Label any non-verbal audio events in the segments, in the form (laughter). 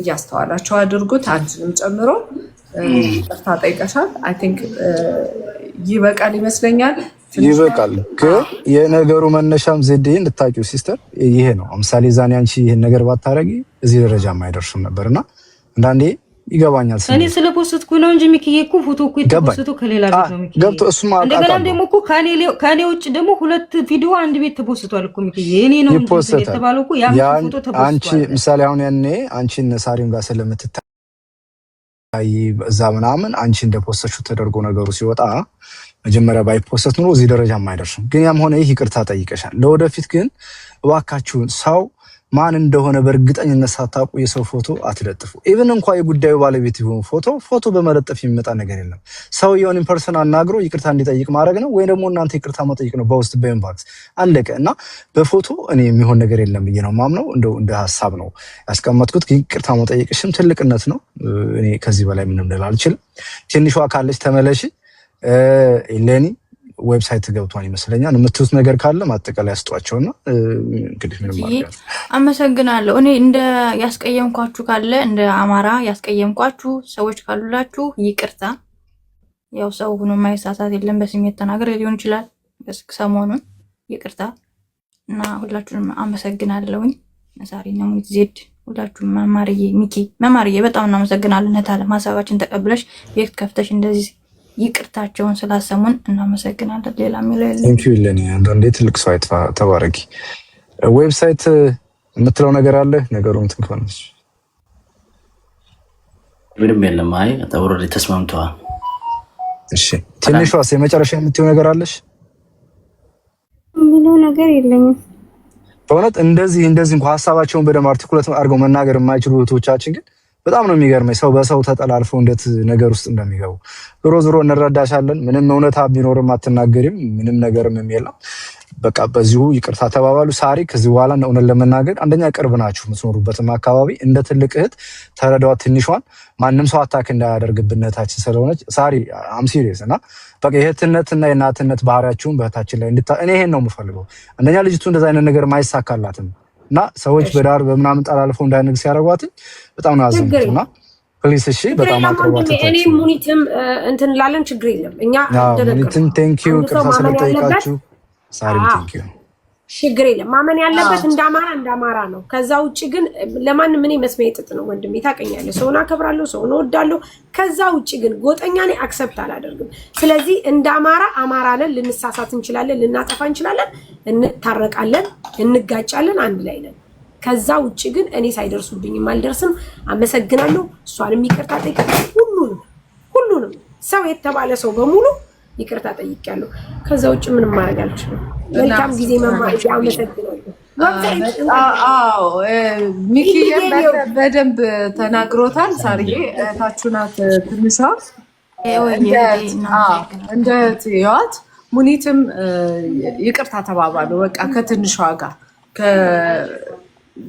እያስተዋላቸው አድርጉት። አንቺንም ጨምሮ ጠርታ ጠይቀሻል። አይ ቲንክ ይበቃል ይመስለኛል። ይበቃል ግን የነገሩ መነሻም ዜዴ እንድታቂው ሲስተር ይሄ ነው። ምሳሌ ዛኔ አንቺ ይህን ነገር ባታረጊ እዚህ ደረጃ የማይደርሱም ነበር እና አንዳንዴ ይገባኛል። እኔ ስለ ፖስትኩ ነው እንጂ ሚኪዬ እኮ ፎቶ እኮ የተፖስቱ ከሌላ ቤት ነው ሚኪዬ ገብቶ እሱማ እንደገናም ደግሞ እኮ ከኔ ውጭ ደግሞ ሁለት ቪዲዮ አንድ ቤት ተፖስቷል እኮ ሚኪዬ እኔ ነው የተባለው እኮ ያ ፎቶ ተፖስቷል። አንቺ ምሳሌ አሁን ያኔ አንቺን ሳሪም ጋር ስለምትታይ እዛ ምናምን አንቺ እንደ ፖስተሹ ተደርጎ ነገሩ ሲወጣ መጀመሪያ ባይፖስት ኑሮ እዚህ ደረጃ አይደርስም። ግን ያም ሆነ ይህ ይቅርታ ጠይቀሻል። ለወደፊት ግን እባካችሁን ሰው ማን እንደሆነ በእርግጠኝነት ሳታውቁ የሰው ፎቶ አትለጥፉ። ኢቭን እንኳ የጉዳዩ ባለቤት የሆኑ ፎቶ ፎቶ በመለጠፍ የሚመጣ ነገር የለም። ሰውየውን ኢንፐርሰን አናግሮ ይቅርታ እንዲጠይቅ ማድረግ ነው ወይም ደግሞ እናንተ ይቅርታ መጠይቅ ነው በውስጥ በኢንባክስ አለቀ። እና በፎቶ እኔ የሚሆን ነገር የለም ብዬ ነው ማምነው። እንደ እንደ ሀሳብ ነው ያስቀመጥኩት። ይቅርታ መጠየቅሽም ትልቅነት ነው። እኔ ከዚህ በላይ ምንም ልል አልችልም። ትንሿ ካለች ተመለሽ ኤሌኒ ዌብሳይት ገብቷን ይመስለኛል። የምትሉት ነገር ካለ ማጠቃላይ ያስጧቸውና እንግዲህ ምንም አመሰግናለሁ። እኔ እንደ ያስቀየምኳችሁ ካለ እንደ አማራ ያስቀየምኳችሁ ሰዎች ካሉላችሁ ይቅርታ። ያው ሰው ሁኖ ማይሳሳት የለም። በስሜት ተናገር ሊሆን ይችላል። ሰሞኑን ይቅርታ እና ሁላችሁንም አመሰግናለሁኝ። መሳሪ ነሙት ዜድ ሁላችሁም መማርዬ፣ ሚኪ መማርዬ በጣም እናመሰግናለን። እህት አለም ሀሳባችን ተቀብለሽ ቤት ከፍተሽ እንደዚህ ይቅርታቸውን ስላሰሙን እናመሰግናለን። ሌላ የሚለው የለም። አንዳንዴ ትልቅ ሰው ተባረኪ። ዌብሳይት uh, የምትለው ነገር አለ ነገሩ ምትንክፈነች ምንም የለም። አይ ተብሮ ተስማምተዋል። እሺ ትንሿስ የመጨረሻ የምትይው ነገር አለሽ? ምንም ነገር የለኝም። በእውነት እንደዚህ እንደዚህ እንኳ ሀሳባቸውን በደንብ አርቲኩለት አድርገው መናገር የማይችሉ እህቶቻችን ግን በጣም ነው የሚገርመኝ ሰው በሰው ተጠላልፎ እንደት ነገር ውስጥ እንደሚገቡ። ዞሮ ዞሮ እንረዳሻለን። ምንም እውነታ ቢኖርም አትናገሪም፣ ምንም ነገርም የለም። በቃ በዚሁ ይቅርታ ተባባሉ። ሳሪ ከዚህ በኋላ እውነት ለመናገር አንደኛ ቅርብ ናችሁ፣ የምትኖሩበትም አካባቢ እንደ ትልቅ እህት ተረዳዋ። ትንሿን ማንም ሰው አታክ እንዳያደርግብነታችን ስለሆነች ሳሪ አም ሲሪየስ እና በቃ እና የእናትነት ባህሪያችሁን በእህታችን ላይ እንድታ እኔ ይሄን ነው የምፈልገው። አንደኛ ልጅቱ እንደዚ አይነት ነገር ማይሳካላትም እና ሰዎች በዳር በምናምን ጠላልፈው እንዳይነግ ያደረጓትኝ በጣም ነው ያዘንኩት። እና ፕሊስ እሺ፣ በጣም አቅርቧት። እኔ ሙኒትም እንትን ችግር የለም እኛ ሙኒትም ቴንኪዩ፣ ቅርታ ስለጠይቃችሁ ሳሪም ቴንኪዩ። ችግር የለም ማመን ያለበት እንደ አማራ እንደ አማራ ነው። ከዛ ውጭ ግን ለማንም እኔ መስሚያ የጥጥ ነው ወንድሜ፣ ታውቀኛለህ። ሰውን አከብራለሁ፣ ሰውን እወዳለሁ። ከዛ ውጭ ግን ጎጠኛ እኔ አክሰብት አላደርግም። ስለዚህ እንደ አማራ አማራ ነን፣ ልንሳሳት እንችላለን፣ ልናጠፋ እንችላለን። እንታረቃለን፣ እንጋጫለን፣ አንድ ላይ ነን። ከዛ ውጭ ግን እኔ ሳይደርሱብኝም አልደርስም። አመሰግናለሁ። እሷንም ይቅርታ ጠይቅ። ሁሉንም ሁሉንም ሰው የተባለ ሰው በሙሉ ይቅርታ ጠይቄያለሁ። ከዛ ውጭ ምንም ማድረግ አልችልም። መልካም ጊዜ መማር። አመሰግናለሁ። በደንብ ተናግሮታል። ሳርዬ እህታችሁ ናት። ትንሿ እንደ ሙኒትም ይቅርታ ተባባሉ። በቃ ከትንሽ ዋጋ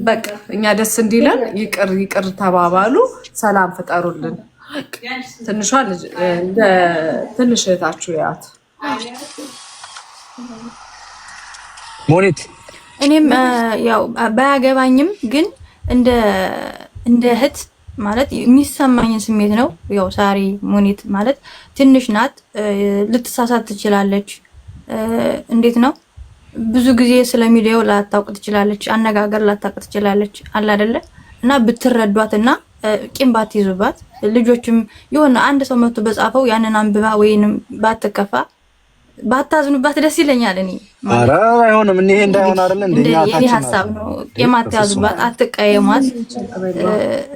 በቃ እኛ ደስ እንዲለን ይቅር ይቅር ተባባሉ። ሰላም ፍጠሩልን። ትንሿ ልጅ እንደ ትንሽ እህታችሁ ያት ሙኒት እኔም ያው ባያገባኝም ግን እንደ እንደ እህት ማለት የሚሰማኝን ስሜት ነው። ያው ሳሪ ሙኒት ማለት ትንሽ ናት፣ ልትሳሳት ትችላለች። እንዴት ነው ብዙ ጊዜ ስለ ሚዲያው ላታውቅ ትችላለች፣ አነጋገር ላታውቅ ትችላለች። አለ አይደለ እና ብትረዷት እና ቂም ባትይዙባት ልጆችም የሆነ አንድ ሰው መቶ በጻፈው ያንን አንብባ ወይንም ባትከፋ ባታዝኑባት ደስ ይለኛል። እኔ ኧረ አይሆንም እኔ እንዳይሆን አይደል እንዴ ይሄ ሀሳብ ነው። የማታያዙባት አትቀየሟት፣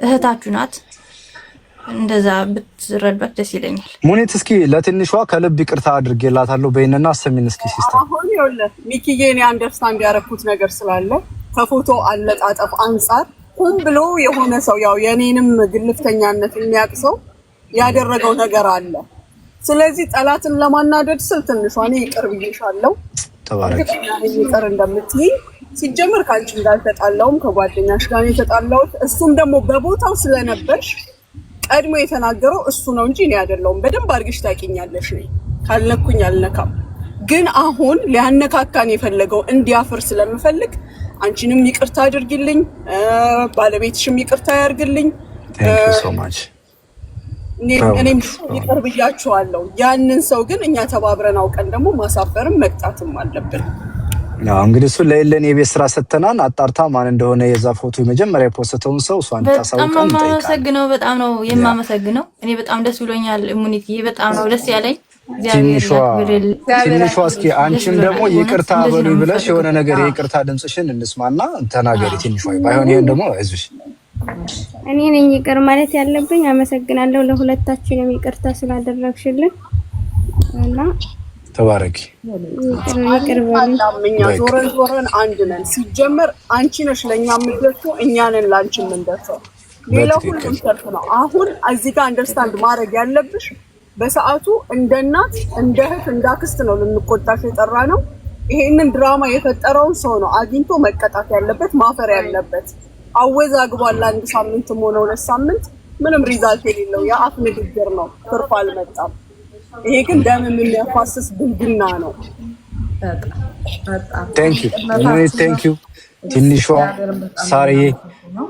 እህታችሁ ናት። እንደዛ ብትረዷት ደስ ይለኛል። ሙኒት እስኪ ለትንሿ ከልብ ይቅርታ አድርጌላታለሁ በይንና አሰሚን እስኪ ሲስተም አሁን ይኸውልህ ሚኪዬ፣ እኔ አንደርስታንድ ያደረኩት ነገር ስላለ ከፎቶ አለጣጠፍ አንጻር ሁን ብሎ የሆነ ሰው ያው የኔንም ግልፍተኛነት የሚያውቅ ሰው ያደረገው ነገር አለ ስለዚህ ጠላትን ለማናደድ ስል ትንሿ እኔ ይቅር ብዬሻለሁ፣ ይቅር እንደምትይ ሲጀምር ከአንቺ እንዳልተጣላውም ከጓደኛሽ ጋር የተጣላሁት እሱም ደግሞ በቦታው ስለነበርሽ ቀድሞ የተናገረው እሱ ነው እንጂ እኔ አይደለሁም። በደንብ አድርግሽ ታውቂኛለሽ። እኔ ካልነኩኝ አልነካም። ግን አሁን ሊያነካካን የፈለገው እንዲያፍር ስለምፈልግ አንቺንም ይቅርታ አድርግልኝ፣ ባለቤትሽም ይቅርታ ያርግልኝ። እኔም ይቅርብ እያችኋለሁ። ያንን ሰው ግን እኛ ተባብረን አውቀን ደግሞ ማሳፈርም መቅጣትም አለብን። እንግዲህ እሱ ለሌለን የቤት ስራ ሰተናን አጣርታ ማን እንደሆነ የዛ ፎቶ የመጀመሪያ የፖስተውን ሰው እሷ እንድታሳውቀን በጣም ነው የማመሰግነው። በጣም ነው የማመሰግነው። እኔ በጣም ደስ ብሎኛል። ሙኒት በጣም ነው ደስ ያለኝ። ትንሿ እስኪ አንቺም ደግሞ ይቅርታ በሉኝ ብለሽ የሆነ ነገር የይቅርታ ድምፅሽን እንስማና ተናገሪ። ትንሿ ባይሆን ይህን ደግሞ አይዞሽ እኔ ነኝ ይቅር ማለት ያለብኝ። አመሰግናለሁ ለሁለታችንም ይቅርታ ስላደረግሽልን እና ተባረኪ። ይቅር ዞረን ዞረን አንድ ነን። ሲጀመር አንቺ ነሽ ለእኛ የምትደርሰው፣ እኛ ነን ለአንቺ የምንደርሰው። ሌላ ሁሉም ሰርፍ ነው። አሁን እዚህ ጋር አንደርስታንድ ማድረግ ያለብሽ በሰዓቱ እንደ እናት እንደ እህት እንደ አክስት ነው ልንቆጣሽ የጠራ ነው። ይሄንን ድራማ የፈጠረውን ሰው ነው አግኝቶ መቀጣት ያለበት ማፈር ያለበት አወዛግቧል። አንድ ሳምንት ሆነ ሁለት ሳምንት ምንም ሪዛልት የሌለው የአፍ ንግግር ነው፣ ትርፍ አልመጣም። ይሄ ግን ደም የሚያፋስስ ብልግና ነው። ቴንክ ዩ ትንሿ ሳርዬ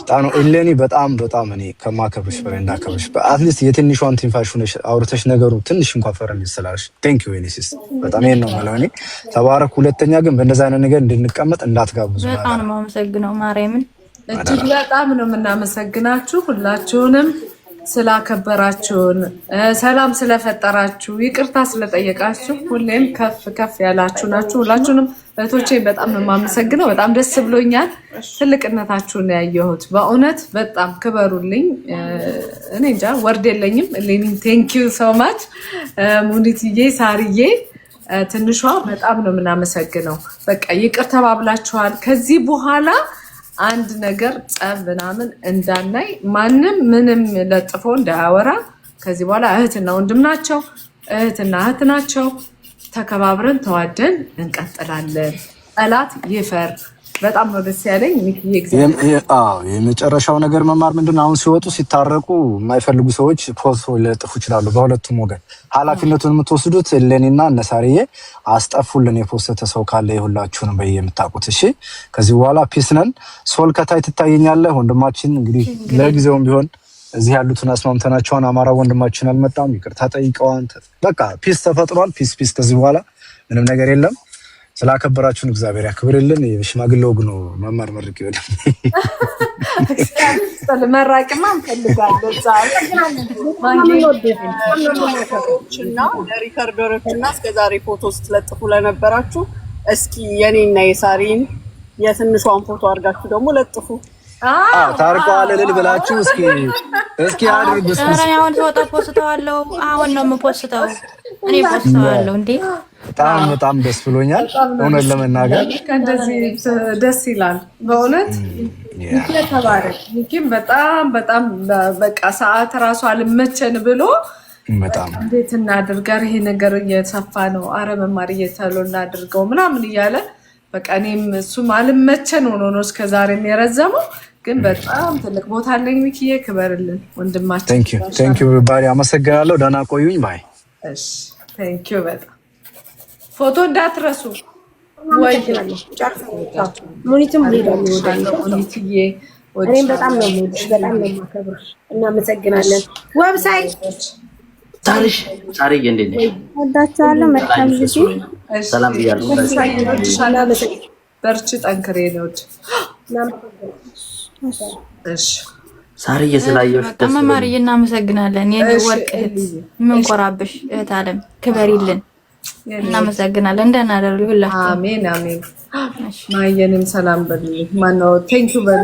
ጣኑ እለኒ በጣም በጣም እኔ ከማከብርሽ በላይ እንዳከብርሽ በአትሊስት የትንሿን ትንፋሽ ሆነሽ አውርተሽ ነገሩ ትንሽ እንኳን ፈረን ስላልሽ ቴንክ ዩ ኔሲስ በጣም ይሄን ነው ማለት እኔ ተባረክ። ሁለተኛ ግን በእንደዛ አይነት ነገር እንድንቀመጥ እንዳትጋብዙ። በጣም ነው የማመሰግነው ማርያምን እጅግ በጣም ነው የምናመሰግናችሁ ሁላችሁንም ስላከበራችሁን ሰላም ስለፈጠራችሁ ይቅርታ ስለጠየቃችሁ ሁሌም ከፍ ከፍ ያላችሁ ናችሁ። ሁላችሁንም እህቶቼ በጣም የማመሰግነው በጣም ደስ ብሎኛል። ትልቅነታችሁን ያየሁት በእውነት በጣም ክበሩልኝ። እኔ እንጃ ወርድ የለኝም። ሌኒን ቴንኪዩ ሶማች ሙኒትዬ፣ ሳርዬ ትንሿ በጣም ነው የምናመሰግነው። በቃ ይቅር ተባብላችኋል ከዚህ በኋላ አንድ ነገር ጸብ ምናምን እንዳናይ ማንም ምንም ለጥፎ እንዳያወራ። ከዚህ በኋላ እህትና ወንድም ናቸው፣ እህትና እህት ናቸው። ተከባብረን ተዋደን እንቀጥላለን። ጠላት ይፈር በጣም ነው ደስ ያለኝ። የመጨረሻው ነገር መማር ምንድን ነው? አሁን ሲወጡ ሲታረቁ የማይፈልጉ ሰዎች ፖስት ሊለጥፉ ይችላሉ። በሁለቱም ወገን ኃላፊነቱን የምትወስዱት ለኔና እነሳርዬ አስጠፉልን። የፖሰተ ሰው ካለ የሁላችሁን በየ የምታውቁት እሺ። ከዚህ በኋላ ፒስ ነን። ሶል ከታይ ትታየኛለህ ወንድማችን። እንግዲህ ለጊዜውም ቢሆን እዚህ ያሉትን አስማምተናቸውን አማራ ወንድማችን አልመጣም፣ ይቅርታ ጠይቀዋን። በቃ ፒስ ተፈጥሯል። ፒስ ፒስ። ከዚህ በኋላ ምንም ነገር የለም። ስላከበራችሁን እግዚአብሔር ያክብርልን። ሽማግሌ ወግ ነው መማር መርቅ ይበል መራቅማ እንፈልጋለንና ለሪከርደሮች እስከዛሬ ፎቶ ስትለጥፉ ለነበራችሁ እስኪ የኔና የሳሪን የትንሿን ፎቶ አድርጋችሁ ደግሞ ለጥፉ። ታርቀዋል ልል ብላችሁ እስኪ እስኪ አድርጉ። አሁን ፎቶ ፖስተዋለው። አሁን ነው የምፖስተው እኔ ፖስተዋለው እንዴ በጣም በጣም ደስ ብሎኛል። እውነት ለመናገር ከእንደዚህ ደስ ይላል በእውነት ተባረክ። ሚኪም በጣም በጣም በቃ ሰዓት ራሱ አልመቸን ብሎ እንዴት እናድርገር ይሄ ነገር እየሰፋ ነው፣ አረ መማር እየተሎ እናድርገው ምናምን እያለ በቃ እኔም እሱም አልመቸን ሆኖ ነው እስከዛሬም የረዘመው። ግን በጣም ትልቅ ቦታ አለኝ። ሚኪዬ ክበርልን ወንድማችን። አመሰግናለሁ። ደህና ቆዩኝ። ባይ። እሺ፣ ቴንኪው በጣም ፎቶ እንዳትረሱ። ሙኒትም እኔም በጣም ነው የምወድሽ፣ በጣም ነው የማከብርሽ። እናመሰግናለን። ወብሳይት ታሪሽ ታሪዬ፣ እንዴት ነሽ? ወዳችኋለሁ። መልካም ጊዜ። ሰላም ብያለሁ። በርቺ፣ ጠንክሬ ነው። እሺ ስላየሁሽ ደስ ብሎኛል። እናመሰግናለን የኔ ወርቅ እህት፣ የምንኮራብሽ እህት አለም ክበሪልን እናመሰግናለን። እንደና ደሩ ይሁላችሁ። አሜን አሜን። ማየንም ሰላም በሉ። ማነው ቴንኩ በሉ።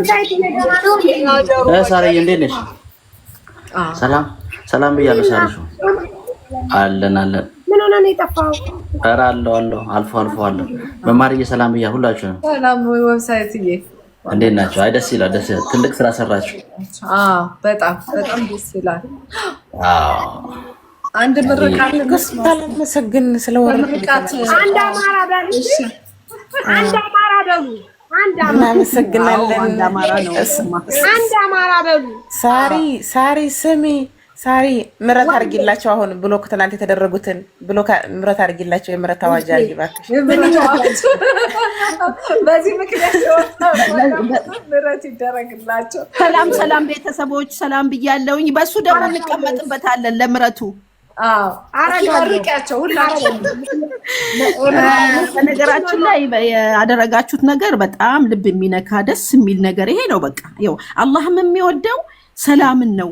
ሳርዬ እንዴት ነሽ? ሰላም ሰላም ብያለሁ። ሳርሹ አለን አለን። ምን ሆነ ነው የጠፋው? ኧረ አለሁ አለሁ። አልፎ አልፎ አለሁ። መማርዬ ሰላም ብያ ሁላችሁ። ሰላም ወይ ዌብሳይት ይዬ እንዴት ናቸው? አይ ደስ ይላል። ደስ ይላል። ትልቅ ስራ ሰራችሁ። አዎ በጣም በጣም ደስ ይላል። አዎ አንድ ምርቃት ልታመሰግን ስለወረቃት አንድ አማራ በሉ፣ አንድ አማራ በሉ፣ እናመሰግናለን። አንድ አማራ በሉ። ሳሪ ሳሪ ስሚ ሳሪ ምረት አድርጊላቸው። አሁን ብሎክ ትናንት የተደረጉትን ብሎክ ምረት አድርጊላቸው። የምረት አዋጅ (laughs) በዚህ ምክንያት ምረት ይደረግላቸው። ሰላም ሰላም፣ ቤተሰቦች ሰላም ብያለውኝ። በሱ ደግሞ እንቀመጥበታለን ለምረቱ አረጋቸው በነገራችን ላይ ያደረጋችሁት ነገር በጣም ልብ የሚነካ ደስ የሚል ነገር ይሄ ነው። በቃ ያው አላህም የሚወደው ሰላምን ነው።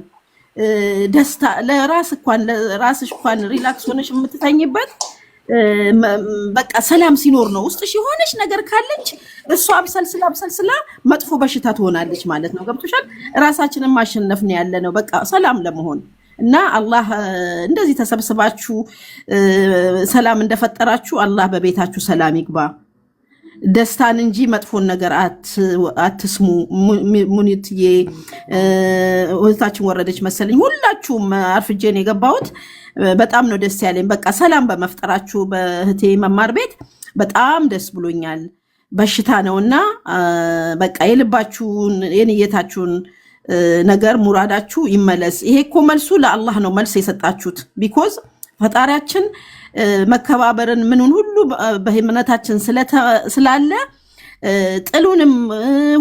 ደስታ ለራስ እንኳን ለራስሽ እንኳን ሪላክስ ሆነሽ የምትተኝበት በቃ ሰላም ሲኖር ነው። ውስጥሽ የሆነች ነገር ካለች እሱ አብሰልስላ አብሰልስላ መጥፎ በሽታ ትሆናለች ማለት ነው። ገብቶሻል? ራሳችንን ማሸነፍ ነው ያለ ነው። በቃ ሰላም ለመሆን እና አላህ እንደዚህ ተሰብስባችሁ ሰላም እንደፈጠራችሁ አላህ በቤታችሁ ሰላም ይግባ። ደስታን እንጂ መጥፎን ነገር አትስሙ። ሙኒትዬ እህታችን ወረደች መሰለኝ። ሁላችሁም አርፍጄን የገባሁት በጣም ነው ደስ ያለኝ። በቃ ሰላም በመፍጠራችሁ በእህቴ መማር ቤት በጣም ደስ ብሎኛል። በሽታ ነውና በቃ የልባችሁን የንየታችሁን ነገር ሙራዳችሁ ይመለስ። ይሄ እኮ መልሱ ለአላህ ነው መልስ የሰጣችሁት። ቢኮዝ ፈጣሪያችን መከባበርን ምንን ሁሉ በእምነታችን ስላለ ጥሉንም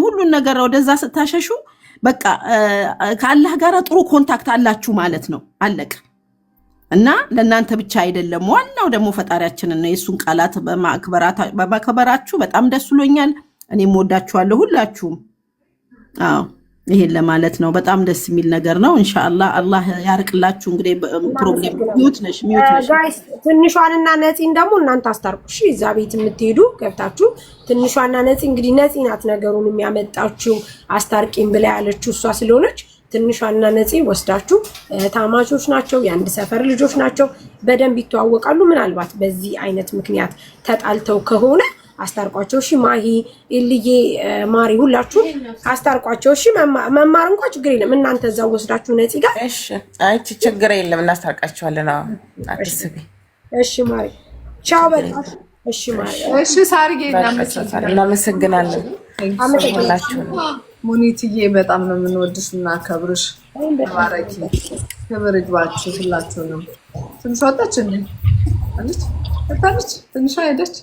ሁሉን ነገር ወደዛ ስታሸሹ በቃ ከአላህ ጋር ጥሩ ኮንታክት አላችሁ ማለት ነው። አለቀ እና ለእናንተ ብቻ አይደለም። ዋናው ደግሞ ፈጣሪያችንን ነው። የእሱን ቃላት በማክበራችሁ በጣም ደስ ብሎኛል። እኔም ወዳችኋለሁ ሁላችሁም። አዎ ይሄን ለማለት ነው። በጣም ደስ የሚል ነገር ነው። እንሻላ አላህ ያርቅላችሁ። እንግዲህ ፕሮብሌም ሚዩት ነሽ ሚዩት ነሽ ጋይስ፣ ትንሿንና ነፂን ደግሞ እናንተ አስታርቁ እሺ። እዛ ቤት የምትሄዱ ገብታችሁ ትንሿና ነፂ እንግዲህ ነፂ ናት ነገሩን የሚያመጣችው አስታርቂም ብላ ያለችው እሷ ስለሆነች ትንሿና ነፂ ወስዳችሁ ታማቾች ናቸው፣ የአንድ ሰፈር ልጆች ናቸው፣ በደንብ ይተዋወቃሉ። ምናልባት በዚህ አይነት ምክንያት ተጣልተው ከሆነ አስታርቋቸው። እሺ ማሂ፣ ኢልዬ፣ ማሪ ሁላችሁ አስታርቋቸው። እሺ መማር እንኳ ችግር የለም። እናንተ እዛው ወስዳችሁ ነፂ ጋር እሺ። አይ ችግር የለም እናስታርቃቸዋለን። አትስቢ። እሺ ማሪ፣ ቻው በቃ። እሺ ማሪ፣ እሺ ሳርጌ፣ እናመሰግናለን። አመሰግናችሁ ሙኒትዬ፣ በጣም ነው የምንወድሽ እና ከብርሽ ባረኪ። ክብር ይግባችሁ ሁላችሁንም። ትንሽ ወጣች እንዴ? አለች ትንሽ ሄደች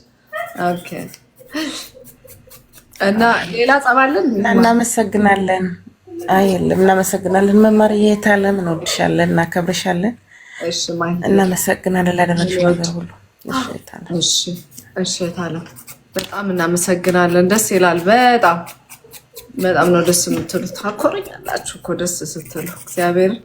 እና ሌላ ጸባለን እናመሰግናለን። አይ የለም፣ እናመሰግናለን። መማር የታለም ወድሻለን፣ እናከብርሻለን፣ እናመሰግናለን ላደረግሽው ነገር ሁሉ። እሺ የታለም በጣም እናመሰግናለን። ደስ ይላል። በጣም በጣም ነው ደስ የምትሉት። አኮረኛላችሁ እኮ ደስ ስትሉ እግዚአብሔርን